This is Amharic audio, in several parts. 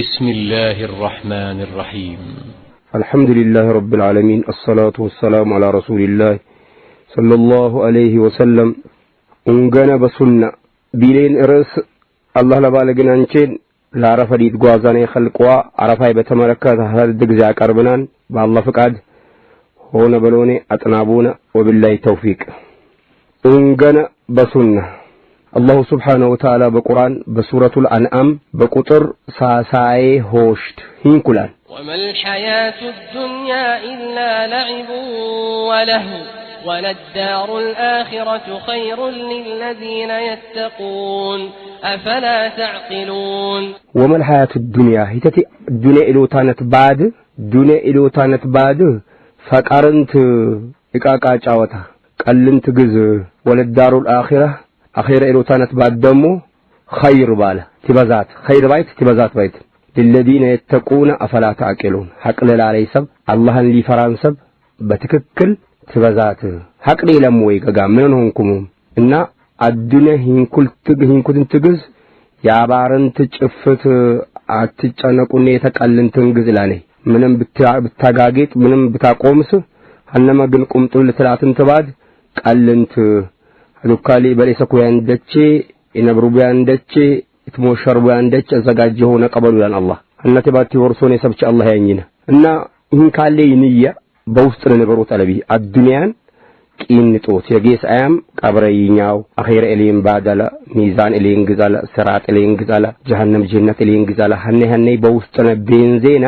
بسم الله الرحمن الرحيم الحمد لله رب العالمين الصلاة والسلام على رسول الله صلى الله عليه وسلم انغنى بسنة بلين رس الله لبالغن انشين لا رفا ديت قوازان خلقوا عرفا بتمركة هذا الدقزاء كربنان با الله فقاد هون بلوني اتنابونا وبالله توفيق انغنى بسنة አላሁ ስብሓነሁ ወተዓላ በቁርአን በሱረቱል አንአም በቁጥር ሳሳዬ ሆሽት ሂንኩላል ወመል ሐያቱ ዱንያ ኢላ ለዕቡ ወለህው ወለዳሩል አኺረቱ ኸይሩን ሊለዚነ የተቁን አፈላ ተዕቂሉን ወመል ሐያቱ ዱንያ ሂተቲ ዱንያ ኢሎታነት ባድ ዱንያ ኢሎታነት ባድ ፈቃርንት ዕቃቃ ጫወታ ቀልንት ግዝ ወለዳሩል አኺራ አኼረ ኢሎታነት ባት ደግሞ ኸይር ባለ ቲበዛት ኸይር ባይት ቲበዛት ባይት ልለዚነ የተቁነ አፈላ ተዕቂሉን ሐቅ ልላለይ ሰብ አላህን ሊፈራን ሰብ በትክክል ትበዛት ሐቅኔ ለምወይ ገጋ ምን ሆንኩም እና አዱነ ሂንኩትን ትግዝ የአባርንት ጭፍት አትጨነቁኔ የተቀልንትን ግዝ ላኔ ምንም ብታጋጌጥ ምንም ብታቆምስ ሀነመ ግን ልትላትን ትባድ ቀልንት ሉካሊ በሌሰ ያንደቼ ደቼ ያንደቼ ቢያን ደቼ ኢትሞሸር ቢያን ደቼ አዘጋጅ የሆነ ቀበሉ ያን አላህ እነቴ ባቲ ወርሶኔ ሰብቼ አላህ ያኝነ እና ይህን ካለ ይንያ በውስጥ ነገሩ ጠለቢ አዱንያን ጦት የጌስ አያም ቀብረ ይኛው አኼረ ኤሌን ባደለ ሚዛን ኤሌን ግዛለ ስራጥ ኤሌን ግዛለ ጀሃነም ጀነት ኤሌን ግዛለ ሀኔ ሀኔ በውስጥነ ቤንዜና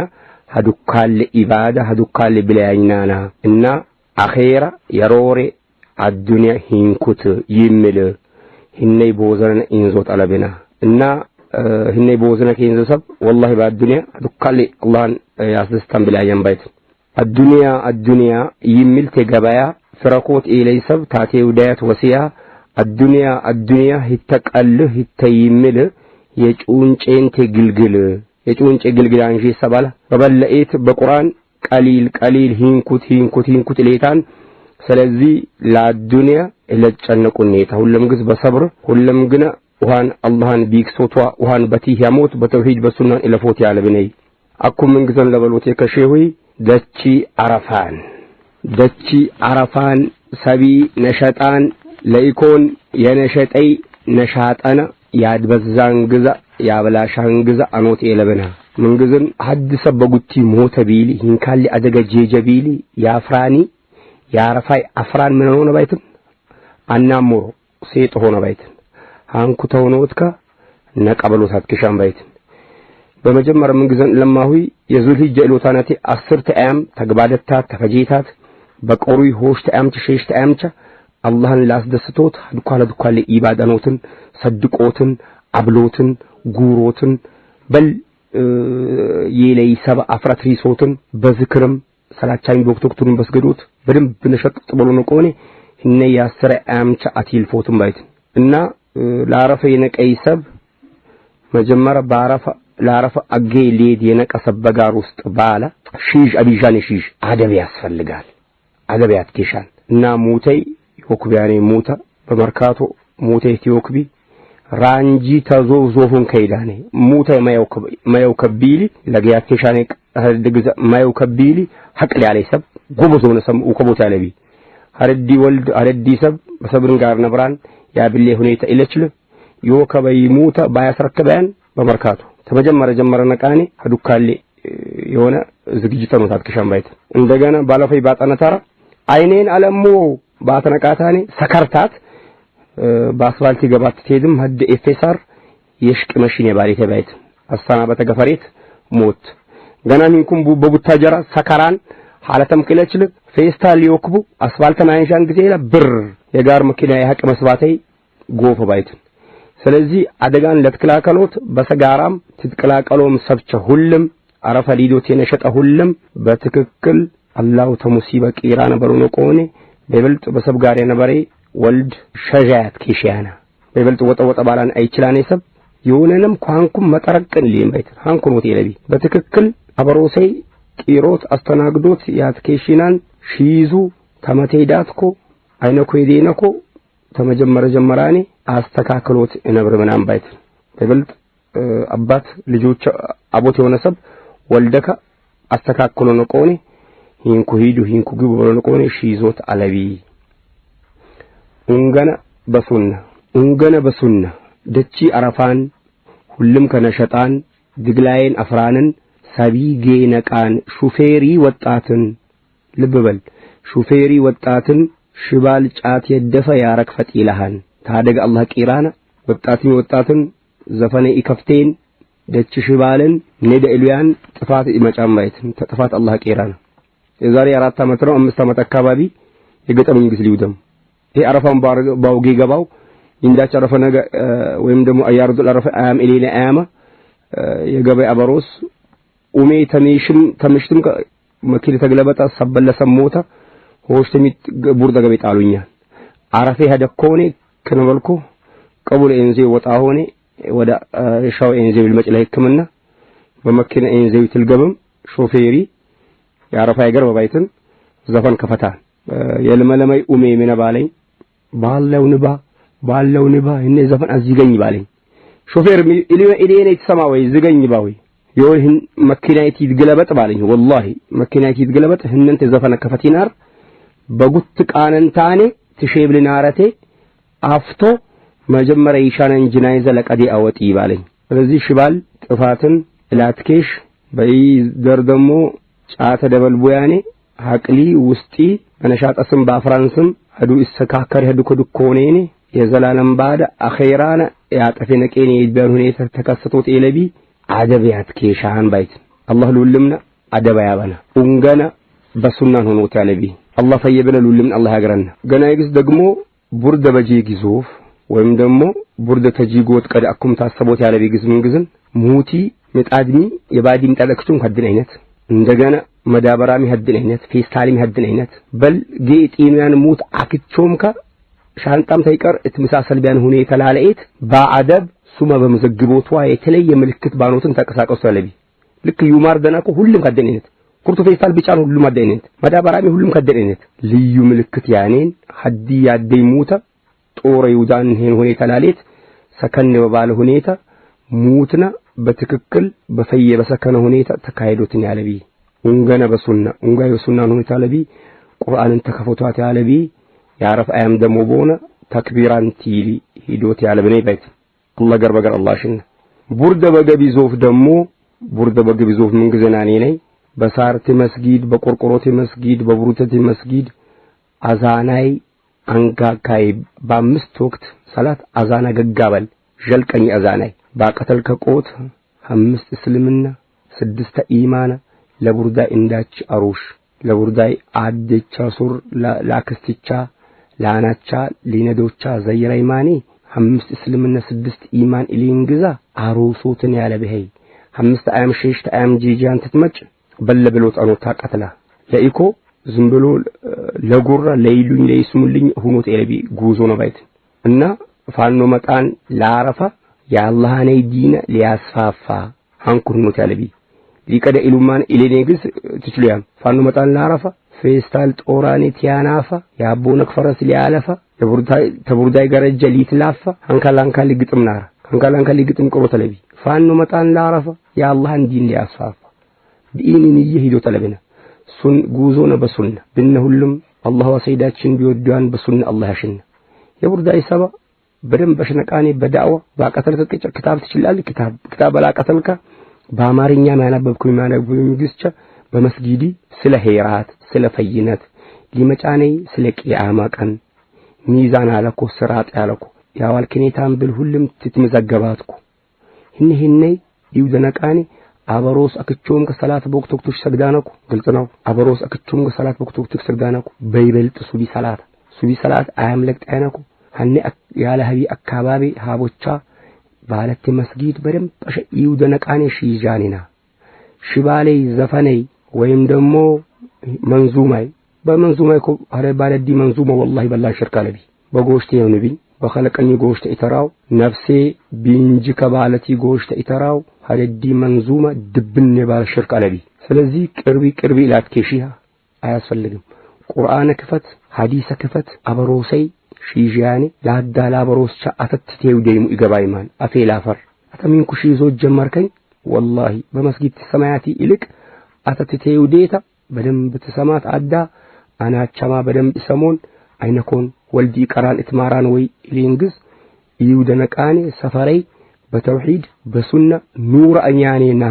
ሀዱካል ኢባዳ ሀዱካል ብለያኝናና እና አኼረ የሮሬ አዱንያ ሂንኩት ይምል ሂነይ ቦዘነ ኢንዞ ጠለብና እና ሂነይ ቦዘነ ኬንዞ ሰብ ወላሂ በአዱንያ ዱካሌ አላህን ያስደስታን ብላ ያንባይት አዱንያ አዱንያ ይምል ተገበያ ፍረኮት ኢለይ ሰብ ታቴ ውዳያት ወሲያ አዱንያ አዱንያ ሂተቀልህ ሂተይምል የጩንጬን ተግልግል የጩንጬ ግልግል አንሺ ሰባለ በበለኤት በቁርአን ቀሊል ቀሊል ሂንኩት ሂንኩት ሂንኩት ሌታን ስለዚህ ለአዱንያ ለጨነቁኔታ ሁለም ግዝ በሰብር ሁለም ግነ ውሃን አላህን ቢክሶቷ ውሃን በቲህ ያሞት በተውሂድ በሱናን ኢለፎት ያለብነይ አኩም ምንግዘን ለበሎቴ ከሼሁይ ደቺ አረፋን ደቺ አረፋን ሰቢ ነሸጣን ለኢኮን የነሸጠይ ነሻጠነ ያድበዛን ግዛ ያብላሻን ግዛ አኖት የለብና ምንግዝን ሀድሰ በጉቲ ሞተ ቢሊ ሂንካሊ አደገ ጄጀ ቢሊ ያፍራኒ የአረፋይ አፍራን ምን ሆነ ባይትን አናሞሮ ሴጥ ሆነ ባይትን አንኩ ሆነ ወትካ ነቀበሎታት ኪሻን ባይትን በመጀመሪያ ምን ግዘን ለማሁይ የዙል ሂጅ ኢሎታናቲ 10 አያም ተግባደታ ተፈጂታት በቆሩይ ሆሽ ተአምች ሸሽ ተአምቻ አላህን ላስደስቶት አድኳለ ድኳለ ኢባዳኖትን ሰድቆትን አብሎትን ጉሮትን በል የለይ ሰብ አፍራት ሪሶትን በዝክርም ሰላቻኝ በወቅቶክቱን በስገዶት በደንብ ነሸጥ ብሎ ነው ቆኔ እነ ያስረ አምቻ አቲል አትልፎትም ባይት እና ለአረፈ የነቀይ ሰብ መጀመሪያ ባረፈ ለአረፈ አጌ ሊድ የነቀሰብ በጋር ውስጥ ባለ ሺሽ አቢጃኔ ሺሽ አደብ ያስፈልጋል። አደብ ያትኬሻል እና ሙተይ ዮክቢያኔ ሙታ በመርካቶ ሙተይ ቲዮክቢ ራንጂ ተዞ ዞፉን ከይዳኔ ሙተይ ማየውከብ ማየውከቢሊ ለጊያትኬሻኔ hardi gisa mayo kabili haqli alay sab gobo zona sam u kabota nabi hardi wald hardi sab sabrin gar nabran ሁኔታ ኢለችል ዮ ከበይ ሙተ በመርካቱ ተመጀመረ ጀመረ ነቃኔ ሀዱካሌ የሆነ ዝግጅት ተኖታት ከሻምባይት እንደገና ባለፈይ ባጠነታራ አይኔን አለሞ ባተነቃታኔ ሰከርታት በአስፋልት ገባት ትሄድም ሀደ ኤፌሳር የሽቅ መሽን የባሪቴ ባይት አሳና በተገፈሬት ሞት ganaan hinkun bobbutaa jara ሐለተም ክለችል tamkiilachilif feestaalli yookkubu asfaaltan aanshaan ይላ ብር የጋር መኪና የሀቅ መስባተይ ጎፈ ባይት ስለዚህ አደጋን ለትክላከሎት በሰጋራም ትትቀላቀሎም ሰብቸ ሁልም አረፈ ሊዶት የነሸጠ ሁልም በትክክል አላው ተሙሲበ ቂራ ነበሩ ነው ቆኔ በብልጥ በሰብ ጋር የነበረ ወልድ ሸዣያት ኪሽያና በብልጥ ወጠ ወጠ ባላን አይችላኔ ሰብ የሆነንም ኳንኩም መጠረቅን ሊም ባይት ሃንኩን ወቴለቢ በትክክል አበሮሴ ጢሮት አስተናግዶት ያትኬሽናን ሺይዙ ተመቴዳትኮ አይነኮ የዴነኮ ተመጀመረ ጀመራኔ አስተካክሎት እነብር ምናም ባይት በብልጥ አባት ልጆች አቦት የሆነ ሰብ ወልደከ አስተካክሎ ነቆኔ ሂንኩ ሂዱ ሂንኩ ግቡ ብሎ ነቆኔ ሺይዞት አለቢ ኡንገነ በሱና ኡንገነ በሱና ደቺ አረፋን ሁሉም ከነሸጣን ድግላይን አፍራንን ሳቢጌ ነቃን ሹፌሪ ወጣትን ልብ በል ሹፌሪ ወጣትን ሽባል ጫት የደፈ ያረግፈጥ ይልሃን ታደግ አላህ ቂራና ወጣትን ወጣትን ዘፈነ ኢከፍቴን ደች ሽባልን ኔደ ኢሉያን ጥፋት ይመጫማይት ተጥፋት አላህ ቂራና የዛሬ አራት ዓመት ነው አምስት ዓመት አካባቢ የገጠመኝ ንግስ ሊውደም ይሄ አረፋን ባውጌ ገባው ይንዳች አረፈ ነገ ወይም ደግሞ አያርዱ አረፈ አያም ኢሌና አያማ የገበያ አበሮስ umee tamishtum kilita galabata sabballa sammoota hooshtamii burda gabe xaalunyaan arafee hadakkoone kana balko qabula eenzee waxaa hoone ወደ ሻው ኤንዜው ልመጭ ለሕክምና በመኪና ኤንዜው ትልገብም ሾፌሪ የአረፋ ይገር በባይትን ዘፈን ከፈታ የልመለመይ ኡሜ ምን ባለኝ ባለው ንባ ባለው ንባ እኔ ዘፈን አዝገኝ ባለኝ ሾፌር ኢሊኔ ኢሊኔ ይተሰማ ወይ ዝገኝ ባዊ የሆን መኪናይት ይትገለበጥ ባለኝ ወላሂ መኪናይት ይትገለበጥ ህነንተ ዘፈነ ከፈቲናር በጉት ቃነንታኔ ትሼብልናረቴ አፍቶ መጀመሪያ ይሻነን ጅናይዘ ለቀዴ አወጢ ባለኝ። ስለዚህ ሽባል ጥፋትን ላትኬሽ በይ ዘር ደግሞ ጫተ ደበልቡያኔ ሀቅሊ ውስጢ በነሻጠስም በአፍራንስም አዱ ይስተካከር ሄዱ ድኮኔኔ የዘላለም ባዳ አኼራነ ያጠፌ ነቄኔ ይበል ሁኔታ ተከሰቶት ኤለቢ አደብያት ኬሻን ባይት አላህ ሉልምና አደባ ያበና ኡንገና በሱናን ሆኖ ታለቢ አላህ ፈየበለ ሉልምና አላህ ያገረና ገና ይግስ ደግሞ ቡርደ በጂ ግዙፍ ወይም ደግሞ ቡርደ ተጂጎት ቀድ አኩም ታሰቦት ያለቢ ግዝ ምን ግዝን ሙቲ ምጣድሚ የባዲ ጠለክቱን ከድን አይነት እንደገና መዳበራሚ ሀድን አይነት ፌስታሊም ሀድን አይነት በል ጌጤሚያን ሙት አክቾምከ ሻንጣም ተይቀር እትምሳሰል ቢያን ሁኔ ተላለኤት በአደብ ሱመ በምዝግቦቷ የተለየ ምልክት ባኖትን ተቀሳቀሱ ያለቢ ልክ ዩማር ደናኮ ሁሉም ከደኔነት ኩርቱ ፌስታል ቢጫን ሁሉም አደኔነት መዳበራሚ ሁሉም ከደኔነት ልዩ ምልክት ያኔን ሐዲ ያደይ ሙተ ጦር ይውዳን ይሄን ሁኔታ ላሌት ሰከን በባለ ሁኔታ ሙትና በትክክል በፈየ በሰከነ ሁኔታ ተካሂዶትን ያለቢ ኡንገነ በሱና ኡንጋይ በሱናን ሁኔታ ያለቢ ቁርአንን ተከፈቷት ያለቢ ያረፍ አያም ደሞ በሆነ ተክቢራን ቲሊ ሂዶት ያለብኔ ባይት ነገር በገር አላሽን ቡርደ በገቢ ዞፍ ደግሞ ቡርደ በገቢ ዞፍ ምን ግዘናኔ ነኝ በሳርቲ መስጊድ በቆርቆሮቲ መስጊድ በቡሩተቲ መስጊድ አዛናይ አንጋካይ በአምስት ወቅት ሰላት አዛና ገጋበል ጀልቀኝ አዛናይ ባቀተል ከቆት አምስት እስልምና ስድስተ ኢማና ለቡርዳይ እንዳች አሩሽ ለቡርዳይ አደቻ ሱር ላክስቲቻ ላናቻ ሊነዶቻ ዘይራይማኔ አምስት እስልምና ስድስት ኢማን ኢሊን ግዛ አሮሶትን ያለ በሄይ አምስት አያም ሸሽት አያም ጂጃን ትትመጭ በለ ብሎ ጸኖታ ቀትላ ለኢኮ ዝም ብሎ ለጉራ ለይሉኝ ለይስሙልኝ ሁኖት የለቢ ጉዞ ነው ባይት እና ፋኖ መጣን ላረፋ ለአረፋ ነይ ዲነ ሊያስፋፋ አንኩር ሁኖት ያለቢ ሊቀደ ኢሉማን ኢሌኔግስ ትችሉያም ፋኖ መጣን ላረፋ ፌስታል ጦራኔ ቲያናፋ ያቦነክ ፈረስ ሊያለፋ ተቡርዳይ ገረጀ ሊትላፋ አንካላንካሊ ግጥም ናራ አንካላንካሊ ግጥም ቆሮ ተለቢ ፋኖ መጣን ላረፈ የአላህን ዲን ሊያስፋፋ ዲንን ሂዶ ተለብና ሱን ጉዞ ነው በሱና ብነ ሁሉም አላህ ወሰይዳችን ቢወዱያን በሱና አላህ ያሽነ የቡርዳይ ሰባ በደም በሽነቃኔ በዳዋ ባቀተል ከጭ ክታብ ትችላል ክታብ ክታብ ባላቀተልካ በአማርኛ ማናበብኩ ማናበብኩ ምግስቸ በመስጊዲ ስለ ሄራት ስለ ፈይነት ሊመጫኔ ስለ ቂያማ ቀን ሚዛን አለኮ ስራጥ ያለኮ የአዋል ክኔታን ብል ሁሉም ትትመዘገባትኩ ህኒ ህኒ ይውደነቃኒ አበሮስ አክቾም ከሰላት በወቅት ሰግዳነኩ ግልጽ ነው። አበሮስ አክቾም ከሰላት በወቅት ሰግዳነኩ በይበልጥ ሱቢ ሰላት ሱቢ ሰላት አያምለቅ ጣይነኩ ሀኒ ያለ ሀቢ አካባቢ ሀቦቻ ባለት መስጊድ በደንብ በሸ ይውደነቃኒ ሺጃኒና ሽባሌይ ዘፈነይ ወይም ደግሞ መንዙማይ በመንዙማ ኮ አረ ባለዲ መንዙማ ወላሂ በላ ሽርክ አለቢ በጎሽቴ የኑቢን በኸለቀኒ ጎሽተ ኢተራው ነፍሴ ቢንጂ ከባለቲ ጎሽተ ኢተራው ሀደዲ መንዙማ ድብን የባለ ሽርክ አለቢ። ስለዚህ ቅርቢ ቅርቢ ኢላት አያስፈልግም። ቁርአነ ክፈት፣ ሀዲሰ ክፈት፣ አበሮሰይ ሺዣኔ ለአዳላ አበሮስቻ አተትቴው ደይሙ ይገባይማን አፌ ላፈር አተሚንኩ ሺዞ ጀመርከኝ ወላሂ በመስጊድ ተሰማያቲ ይልቅ አተትቴው ዴታ በደንብ ተሰማት አዳ አናቻማ በደንብ ሰሞን አይነኮን ወልዲ ቀራን እትማራን ወይ ኢሊንግዝ እዩ ደነቃኔ ሰፈረይ በተውሂድ በሱና ኑር አኛኔና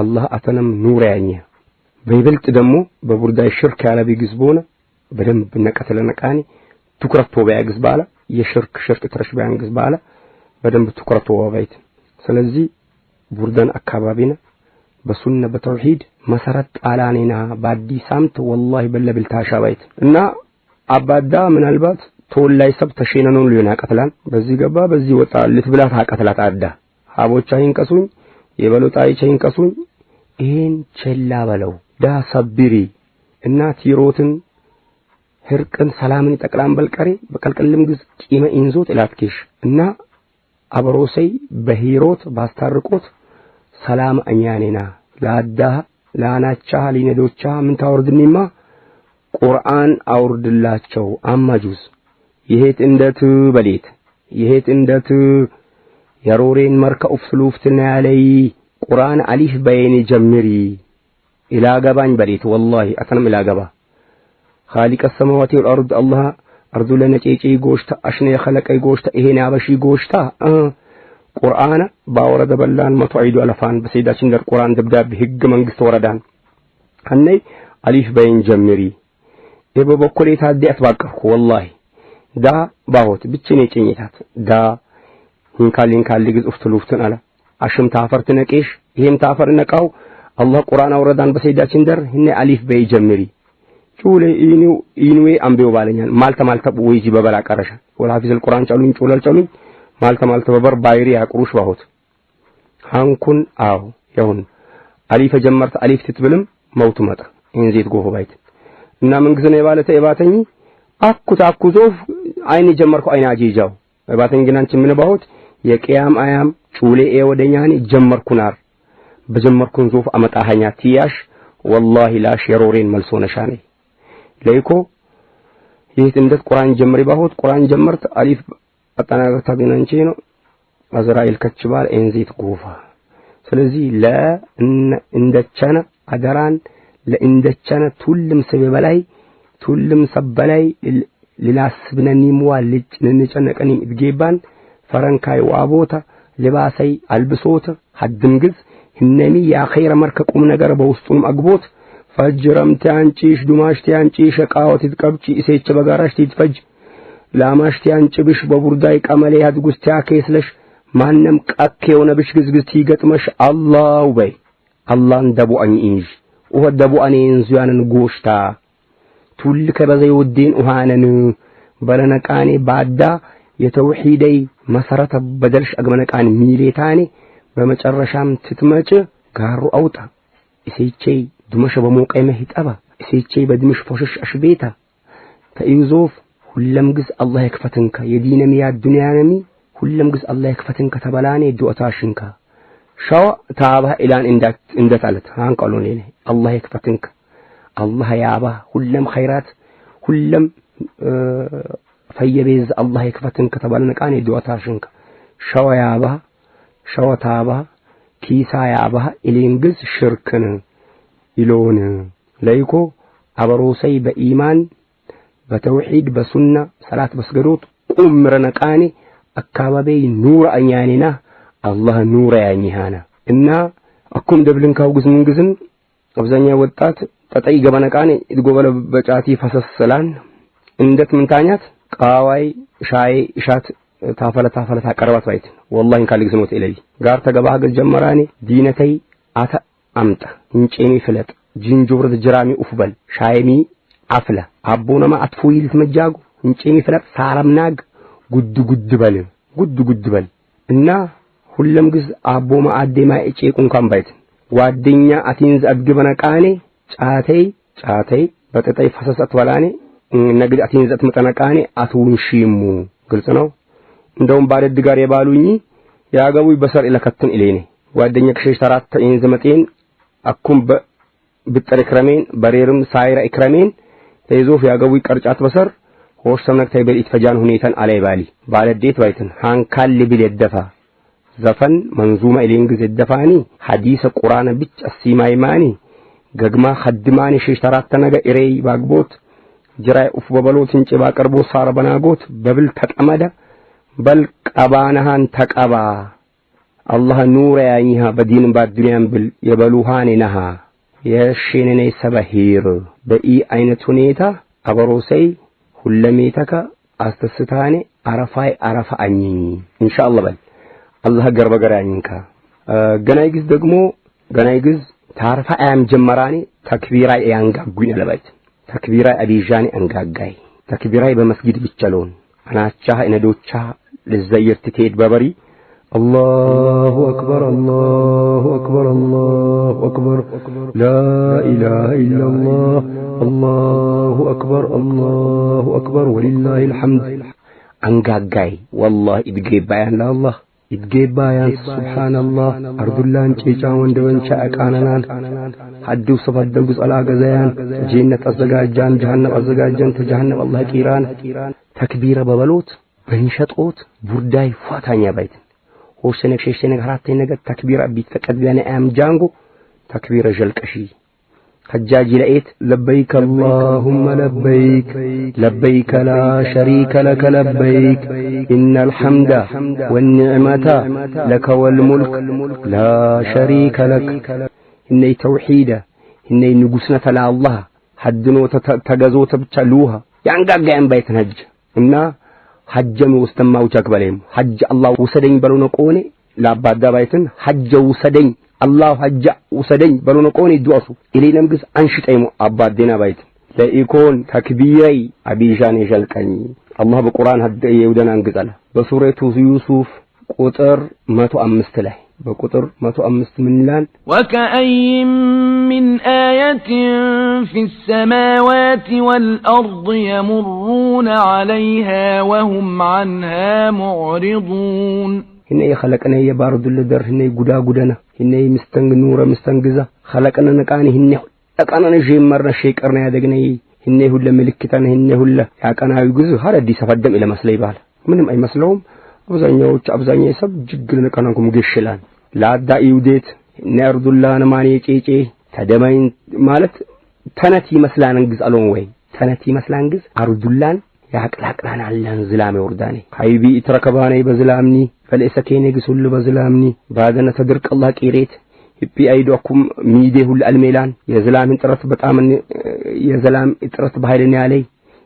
አላህ አተነም ኑር ያኛ በይበልጥ ደግሞ በቡርዳይ ሽርክ ያለቢ ግዝቦነ በደንብ ነቀተለ ነቃኔ ትኩረቶ በያግዝ ግዝባላ የሽርክ ሽርክ ትረሽ በያንግዝ ግዝባላ በደንብ ትኩረቶ ወበይት ስለዚህ ቡርደን አካባቢና በሱና በተውሂድ መሰረት ጣላኔና በአዲስ አምት ወላሂ በለብልታ ሻባይት እና አባዳ ምናልባት ተወላይ ሰብ ተሸነኑን ሊሆን ያቀትላል በዚህ ገባ በዚህ ወጣ ልትብላት አቀትላት አዳ ሀቦቻ ይንቀሱኝ የበሎጣይቻ ይንቀሱኝ ይሄን ቸላ በለው ዳ ሰብሪ እና ቲሮትን ህርቅን ሰላምን ጠቅላም በልቀሬ በቀልቅልም ግዝ ቂመ ኢንዞት ኢላትኬሽ እና አብሮሰይ በሂሮት ባስታርቆት ሰላም እኛኔና ለአዳህ ለአናቻ ሊነዶቻ ምን ታወርድኒማ ቁርአን አውርድላቸው አማጁዝ ይሄት እንደት በሌት ይሄት እንደት የሮሬን መርከ ኡፍስሉፍትና ያለይ ቁርአን አሊፍ በየኔ ጀምሪ ኢላገባኝ በሌት ወላሂ አተንም ኢላገባ ኻሊቀ ሰማዋቲ ወልአርድ አላህ አርዱ ለነጨጨይ ጎሽታ አሽነ የኸለቀይ ጎሽታ ይሄን ያበሺ ጎሽታ ቁርአን ባወረደ በላን መቶ ዒዱ አለፋን በሰይዳችን ደር ቁርአን ደብዳቤ ህግ መንግስት ወረዳን አነይ አሊፍ በይን ጀምሪ ኤ በበኩሌ ታዲያት ባቀፍኩ ወላሂ ዳ ባሆት ብችን ጭኝታት ዳ ካሊ ግዝ ኡፍቱ ሉፍቱን አለ አሽም ታፈር ትነቄሽ ይሄም ታፈር ነቃው አላህ ቁርአን አውረዳን በሰይዳችን ደር ህነ አሊፍ በይ ጀምሪ ጩለ ኢኒው ኢንዌ አምቤው ባለኛል ማልተ ማልተ ወይጂ በበላ ቀረሻ ወላ ፊዘል ቁርአን ጫሉኝ ጩለል ጫሉኝ maalta maaltu babar baayirii haa quruush baahut hankuun aahu ጀመርተ አሊፍ ትትብልም መውቱ መጣ እንዚት ጎሆ ባይት እና መንግስነ የባለተ የባተኝ አኩት አኩዞፍ አይኔ ጀመርኩ አይን አጂጃው የባተኝ አንቺ ምን ባሁት የቅያም አያም ጩሌ ኤ ወደኛኒ ጀመርኩናር በጀመርኩን ዞፍ አመጣሃኛ ትያሽ ወላሂ ላሽ የሮሬን መልሶ ነሻኔ ለይኮ ይህት እንደት ቁርአን ጀምሪ ባሁት ቁርአን ጀመርት አሊፍ አጠናቀርታቢን አንቺኑ አዝራኤል ከችባል ኤንዚት ጉፋ ስለዚህ ለ ለእንደቸነ አደራን ለእንደቸነ ቱልም ስብ በላይ ቱልም ሰብ በላይ ልላስብነኒምዋ ልጭ ንንጨነቀኒ እድጌባን ፈረንካይ ዋቦታ ልባሰይ አልብሶት ሀድም ግዝ ህነኒ የአኼረ መርከ ቁም ነገር በውስጡም አግቦት ፈጅ ረምቴ አንጪሽ ዱማሽቴ አንጪሽ እቃወት ይትቀብጪ እሴቸ በጋራሽ ይትፈጅ ለአማሽቲያን ጭብሽ በቡርዳይ ቀመሌ ያድጉስቲያ ከይስለሽ ማንም ቀክ የሆነብሽ ግዝግዝቲ ይገጥመሽ አላው በይ አላን ደቡአኝ እንጂ ኡኸ ደቡአኔ እንዙያንን ጎሽታ ቱል ከበዘይ ውዲን ኡሃነን በለነቃኔ ባዳ የተውሂደይ መሰረተ በደልሽ አግመነቃን ሚሌታኔ በመጨረሻም ትትመጭ ጋሩ አውጣ እሴቼ ድመሸ በሞቀይ መሂጠባ እሴቼ በድምሽ ፎሽሽ አሽቤታ ተኢዩዞፍ ሁለም ግዝ አላህ ይክፈትንከ የዲነም ያ ዱንያነሚ ሁለም ግዝ አላህ ይክፈትንከ ተበላኔ ዱአታሽንከ ሸዋ ታባ ኢላን እንደታለት አንቀሉ ኔኔ አላህ ይክፈትንከ አላህ ያባ ሁለም ኸይራት ሁለም ፈየቤዝ አላህ ይክፈትንከ ተበላነቃኔ ዱአታሽንከ ሸዋ ያባ ሸዋ ታባ ኪሳ ያባ ኢሌን ግዝ ሽርክን ይሎን ለይኮ አበሮሰይ በኢማን በተውሒድ በሱና ሰላት በስገዶት ቁምረነ ቃኔ አካባበይ ኑረ አኛኔና አላህ ኑረ ያኝሃና እና አኩም ደብልን ካውግዝ ምንግዝን አብዛኛ ወጣት ጠጠይ ገበነ ይድጎበለ በጫቲ ፈሰስላን እንደት ምንታኛት ቃዋይ ሻይ እሻት ታፈለ ታፈለ ታቀርባት ባይት ወላሂን ካልግዝን ወት ኢለይ ጋር ተገባገዝ ጀመራኔ ዲነተይ አተ አምጣ እንጬሚ ፍለጥ ጅንጆብረት ጅራሚ ኡፍበል ሻይሚ አፍለ አቦነማ ይልት መጃጉ እንጪኒ ፍለጥ ሳረምናግ ጉድ ጉድ በል ጉድ ጉድ በል እና ሁለም ግዝ አቦማ አዴማ እጪቁን ባይት ዋደኛ አቲንዝ አድግበነ ቃኔ ጫተይ ጫተይ በጠጠይ ፈሰሰት ወላኔ ነግድ አቲንዝ አትመጠነ ቃኔ አትውንሺሙ ግልጽ ነው። እንደውም ባደድ ጋር የባሉኝ ያገቡ በሰር ለከትን ኢሌኔ ዋደኛ ክሸሽ ተራተ ኢንዝ መጤን አኩም በብጠር ክረሜን በሬርም ሳይራ ክረሜን የዞፍ ያገቡ ይቀርጫት በሰር ሆሽ ሰምነክታይ በልኢት ፈጃን ሁኔታን አላይ ባሊ ባለዴት ባይትን ሃንካል ቢል የደፋ ዘፈን መንዙማ ኢሌንግዝ የደፋኒ ቁርአን ቁራነ ብቻ ማኒ ገግማ ኸድማኒ ሽሽ ተራተ ነገ ኢሬይ ባግቦት ጅራይ ኡፍ በበሎ ትንጭ ባቀርቦ ሳረ በናጎት በብል ተጠመደ በል ቀባናሃን ተቀባ አላህ ኑረ ያኝሃ በዲን ባዱንያም ብል የበሉሃኔ ነሃ የሼንኔ ሰባሂር በኢ አይነት ሁኔታ አበሮሰይ ሁለሜተከ አስተስታኔ አረፋይ አረፋ አኝኝ ኢንሻአላህ በል አላህ ገር በገር አኝንካ ገናይ ግዝ ደግሞ ገናይ ግዝ ታርፋ አያም ጀመራኔ ተክቢራይ ያንጋጉኝ ለበት ተክቢራይ አቢዣኔ አንጋጋይ ተክቢራይ በመስጊድ ብቻ ለውን አናቻ እነዶቻ ልዘይርት ትሄድ በበሪ الله أكبر الله أكبر الله أكبر لا إله إلا الله الله أكبر الله أكبر ولله الحمد أنقاقاي والله إتقيبايا لا الله إتقيبايا سبحان الله أرض الله انشيشا واندوان شاءك آنانان حدو صفات دقوس على قزيان جنة جان جهنم جان تجهنم الله كيران تكبير ببلوت بنشطقوت برداي فاتانيا بيتن وسنك شيء سنك hoosana sheeshanii haraatee naga takbiira أم جانجو jaango جل كشي حجاج لقيت لبيك اللهم لبيك لبيك لا شريك لك لبيك إن الحمد والنعمة لك والملك لا شريك لك إني توحيدة إني نقسنة على الله حدنو تجزو تبتلوها يعني قاقا بيت هج إنا ሐጀም ወስተማውቻ ቻክበለም ሐጅ አላህ ውሰደኝ በሎ ነው ቆኔ ለአባ አዳባይትን ሐጀ ውሰደኝ አላህ ሐጀ ውሰደኝ በሎ ነው ቆኔ ዱአሱ ኢሌነም ግስ አንሽጠይሙ አባ አዴና ባይት ለኢኮን ተክቢረይ አቢሻን የሸልቀኝ አላህ በቁርአን ሐደ የውደና ግዛላ በሱረቱ ዩሱፍ ቁጥር መቶ አምስት ላይ ما تؤمست من الآن وكأي من آية في السماوات والأرض يمرون عليها وهم عنها معرضون هنا خلقنا هي بارد لدر هنا غدا غدنا هنا مستنغ نور مستنغزا خلقنا نكاني هنا أنا جيم مرة شيء قرنا يدقنا هنا اللي ملكتنا هنا هلا يا أنا يجوز هذا دي سفدم إلى مسلي بال منهم أي مسلوم አብዛኛዎች አብዛኛ ሰብ ጅግል ነቀናኩም ግሽላን ላዳ ኢውዴት ነርዱላ ነማኔ ጬጬ ተደማይን ማለት ተነት ይመስላን ግዝ አሎን ወይ ተነት ይመስላን ግዝ አርዱላን ያቅላቅላን አለን ዝላም ይወርዳኔ ሀይቢ ትረከባኔ በዝላምኒ ፈልእሰቴኔ ግሱል በዝላምኒ ባደነ አላህ ቂሬት ህቢ አይዶኩም ሚዴ ሁል አልሜላን የዝላምን ጥረት በጣም የዝላም ጥረት በኃይልን ያለይ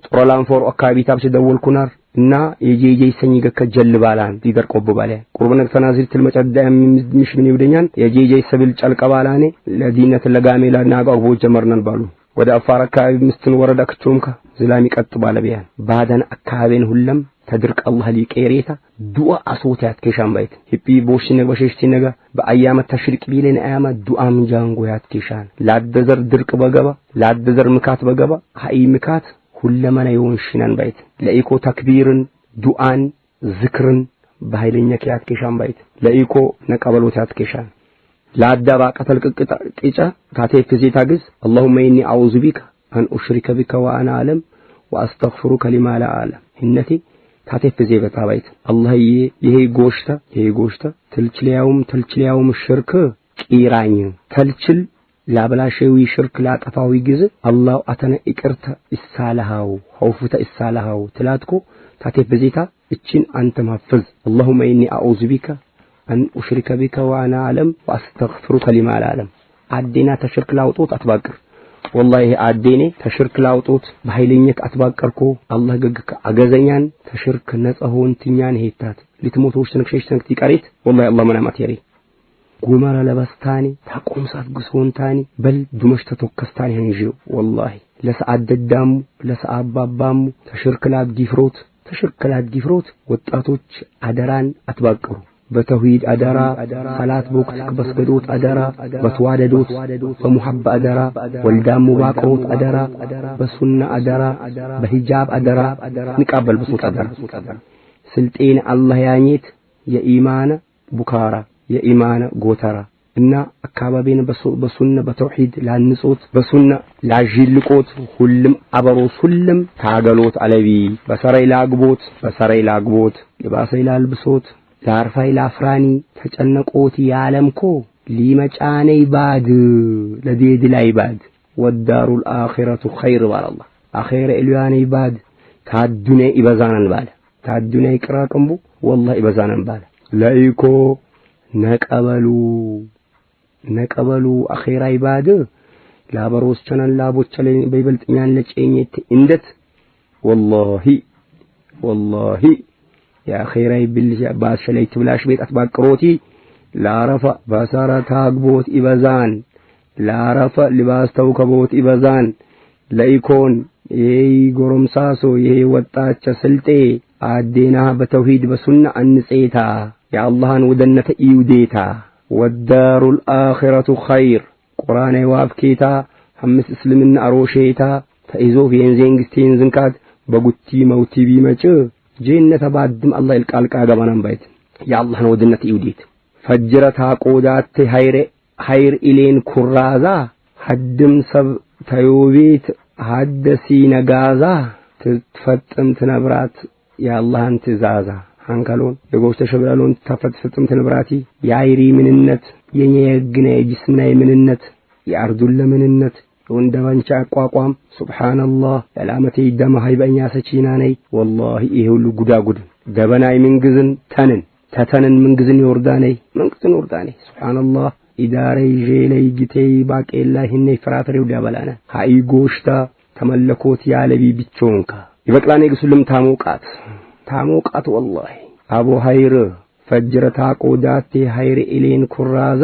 ጦረላን ፎር አካባቢ ታብሽ ደውልኩናር እና የጄጄሰኝ ገከ ጀልባላን ዲደር ቆቦ ባለ ቁርብ ነክ ተናዝል ትልመጫ ዳም ምሽ ምን ይብደኛን የጄጄ ሰብል ጨልቀ ባላኔ ለዲነት ለጋሜላ እና አቆቦ ጀመርነን ባሉ ወደ አፋር አካባቢ ምስትን ወረዳ ከቾምከ ዝላሚ ቀጥ ባለ ቢያን ባዳን አካባቢን ሁለም ተድርቅ አላህ ሊቀሬታ ዱአ አሶታ ያትከሻም ባይት ሂፒ ቦሽ ነገ በሸሽቲ ነገ በአያመ ተሽርቅ ቢለን አያመ ዱአ ምንጃንጎ ያትከሻን ላደዘር ድርቅ በገባ ላደዘር ምካት በገባ ሀይ ምካት ሁለመና የሆንሽን አንባይት ለኢኮ ተክቢርን ዱአን ዝክርን በኃይለኛ ኪያት ኬሻን ባይት ለኢኮ ነቀበሎት ያት ኬሻን ለአዳባ ቀተል ቅቅጣ ቂጫ ካቴት ዜታ ግዝ اللهم اني اعوذ بك ان اشرك بك وانا اعلم واستغفرك لما لا اعلم ህነቴ ካቴት ዜበታ ባይት አላህዬ ይሄ ጎሽታ ይሄ ጎሽታ ተልችልያውም ተልችልያውም ሽርክ ቂራኝ ተልችል ላብላሸዊ ሽርክ ላጠፋዊ ግዝ አላሁ አተነ ይቅርታ ይሳልሃው ኸውፉተ ይሳልሃው ትላትኮ ታቴ በዜታ እችን አንተም ሐፍዝ አላሁመ ኢኒ አዑዙ ቢከ አን ኡሽሪከ ቢከ ወአና አለም ወአስተግፍሩከ ሊማ አልዓለም አዴና ተሽርክ ላውጡት አትባቅር ወላሂ አዴኔ ተሽርክ ላውጡት በኃይለኝነት አትባቀርኮ አላህ ገግከ አገዘኛን ተሽርክ ነጸ ሆንትኛን ሄታት ሊትሞቶች ትንክሸሽ ትንክቲ ቀሬት ወላሂ አላህ መናማት የሬ ጎመረ ለበስታኒ ታቆምሳት ግሶንታኒ በል ዱመሽ ተቶከስታኒ ህንጂው ወላሂ ለሰዓት ደዳሙ ለሰዓት ባባሙ ተሽርክላት ጊፍሮት ተሽርክላት ጊፍሮት ወጣቶች አደራን አትባቅሩ በተውሂድ አደራ ሰላት በወቅት በስገዶት አደራ በተዋደዶት በሙሐባ አደራ ወልዳሙ ባቅሮት አደራ በሱና አደራ በሂጃብ አደራ ንቃበል ብሶት አደራ ስልጤን አላህ ያኘት የኢማነ ቡካራ يا إيمانا غوترا إن أكابابين بسنة بتوحيد لانسوت بسنة لاجيلكوت هلم أبروس هلم تاغلوت علي بي بسرعي لاغبوت بسرعي لاغبوت لباسي لالبسوت تعرفي لافراني تجنك أوتي عالمكو لما جاني باد لديد العباد والدار الآخرة خير وعلى الله آخير إلو إلواني باد تاد دوني إبازانا بالا تا الدنيا كراكمبو والله إبازانا بالا لايكو ነቀበሉ ነቀበሉ አኼራ ይባድ ላበሮቸነን ላቦቸ በይበልጥ ሚያለጨኝት እንደት ወላሂ ወላሂ የአኼራ ይብልሽ ባሸለይት ብላሽ ቤጣት ባቅሮቲ ላረፈ በሰረታ አግቦት ይበዛን ላረፈ ልባስ ተውከቦት ይበዛን ለኢኮን ይሄ ጎረምሳሶ ይሄ ወጣቸ ስልጤ አዴና በተውሂድ በሱና አንጼታ የአላህን ውደነት እዩ ዴታ ወዳሩል አኺረቱ ኸይር ቁርአነ ዋብኬታ ሐምስ እስልምና አሮሼታ ተይዞፍ የንዜንግስቴን ዝንካት በጉቲ መውቲ ቢመጭ ጄነተ ባድም አላህ ይልቃልቃ ገባናም ባይት የአላህን ውድነት ይውዲት ፈጅረታ ቆዳቴ ሀይረ ሀይር ኢሌን ኩራዛ ሀድም ሰብ ተዮቤት ሀደሲ ነጋዛ ትፈጥም ትነብራት የአላህን ትእዛዛ አንካሎን የጎሽ ተሸብላሎን ተፈት ፍጥምት ንብራቲ የአይሪ ምንነት የኛ የግነ የጅስና የምንነት የአርዱን ለምንነት የወንደ አቋቋም ሱብሓንላህ ያላመቴ ደማሃይ በእኛ ሰቺና ነይ ወላሂ ይሄ ሁሉ ጉዳጉድ ደበናይ ምንግዝን ተንን ተተንን ምንግዝን ይወርዳነይ ምንግዝን ይወርዳነይ ሱብሓንላህ ኢዳረይ ዤለይ ጊቴይ ባቄላ ሂነይ ፍራፍሬው ዳበላነ ሀይ ጎሽታ ተመለኮት ያለቢ ብቸውንካ ይበቅላኔ ግሱልም ታሞቃት ታሞቃት ወላሂ አቡ ሀይር ፈጅረታ ቆዳቴ ሀይር ኢሌን ኩራዛ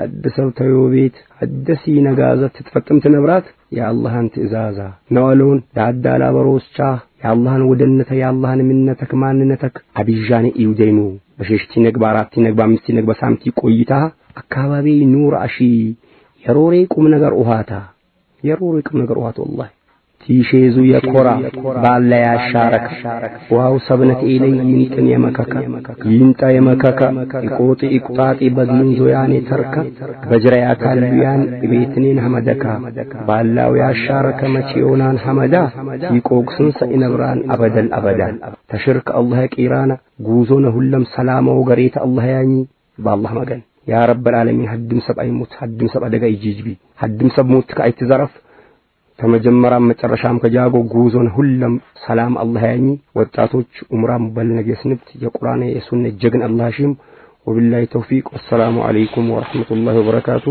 አድሰብ ተዮ ቤት አደሲ ነጋዘ ትትፈቅም ትነብራት የአላህን ትእዛዛ ነዋለውን የአዳላ በሮስቻ የአላህን ወደነተ የአላህን ምነተክ ማንነተክ አብዣኔ ኢዩደይኑ በሸሽቲ ነግባ አራቲ ነግባ አምስቲ ነግባ ሳምቲ ቆይታ አካባቢ ኑር አሺ የሮሬ ቁም ነገር ውሃታ የሮሬ ቁም ነገር ውሃት ወላሂ ይሼዙ የኮራ ባለ ያሻረከ ውሃው ሰብነት ኢለይ ይንጥን የመከከ ይንጣ የመከከ ይቆጥ ይቁጣጥ በግን ዞያን የተርከ በጅራያ ታልያን ቤትኔን ሐመደካ ባላው ያሻረከ መቺዮናን ሐመዳ ይቆቅስን ሰኢነብራን አበደል አበዳ ተሽርክ አላህ ቂራና ጉዞነ ሁለም ሰላማው ገሬታ አላህ ያኝ በአላህ መገን ያ ረብ العالمين ሀድም ሰብ አይሞት ሀድም ሰብ አደጋ ይጅጅቢ ሀድም ሰብ ሞት ከአይትዘረፍ ከመጀመሪያም መጨረሻም ከጃጎ ጉዞን ሁለም ሰላም አላህ ያኝ ወጣቶች ኡምራም በልነግ የስንብት የቁርአን የሱነ ጀግን አላህ ሺም ወቢላሂ ተውፊቅ ወሰላሙ አለይኩም ወራህመቱላሂ ወበረካቱ